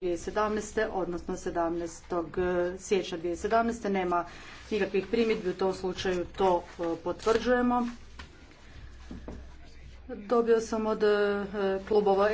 2017. odnosno 17. E, siječnja 2017. Nema nikakvih primjedbi, u tom slučaju to e, potvrđujemo. Dobio sam od e, klubova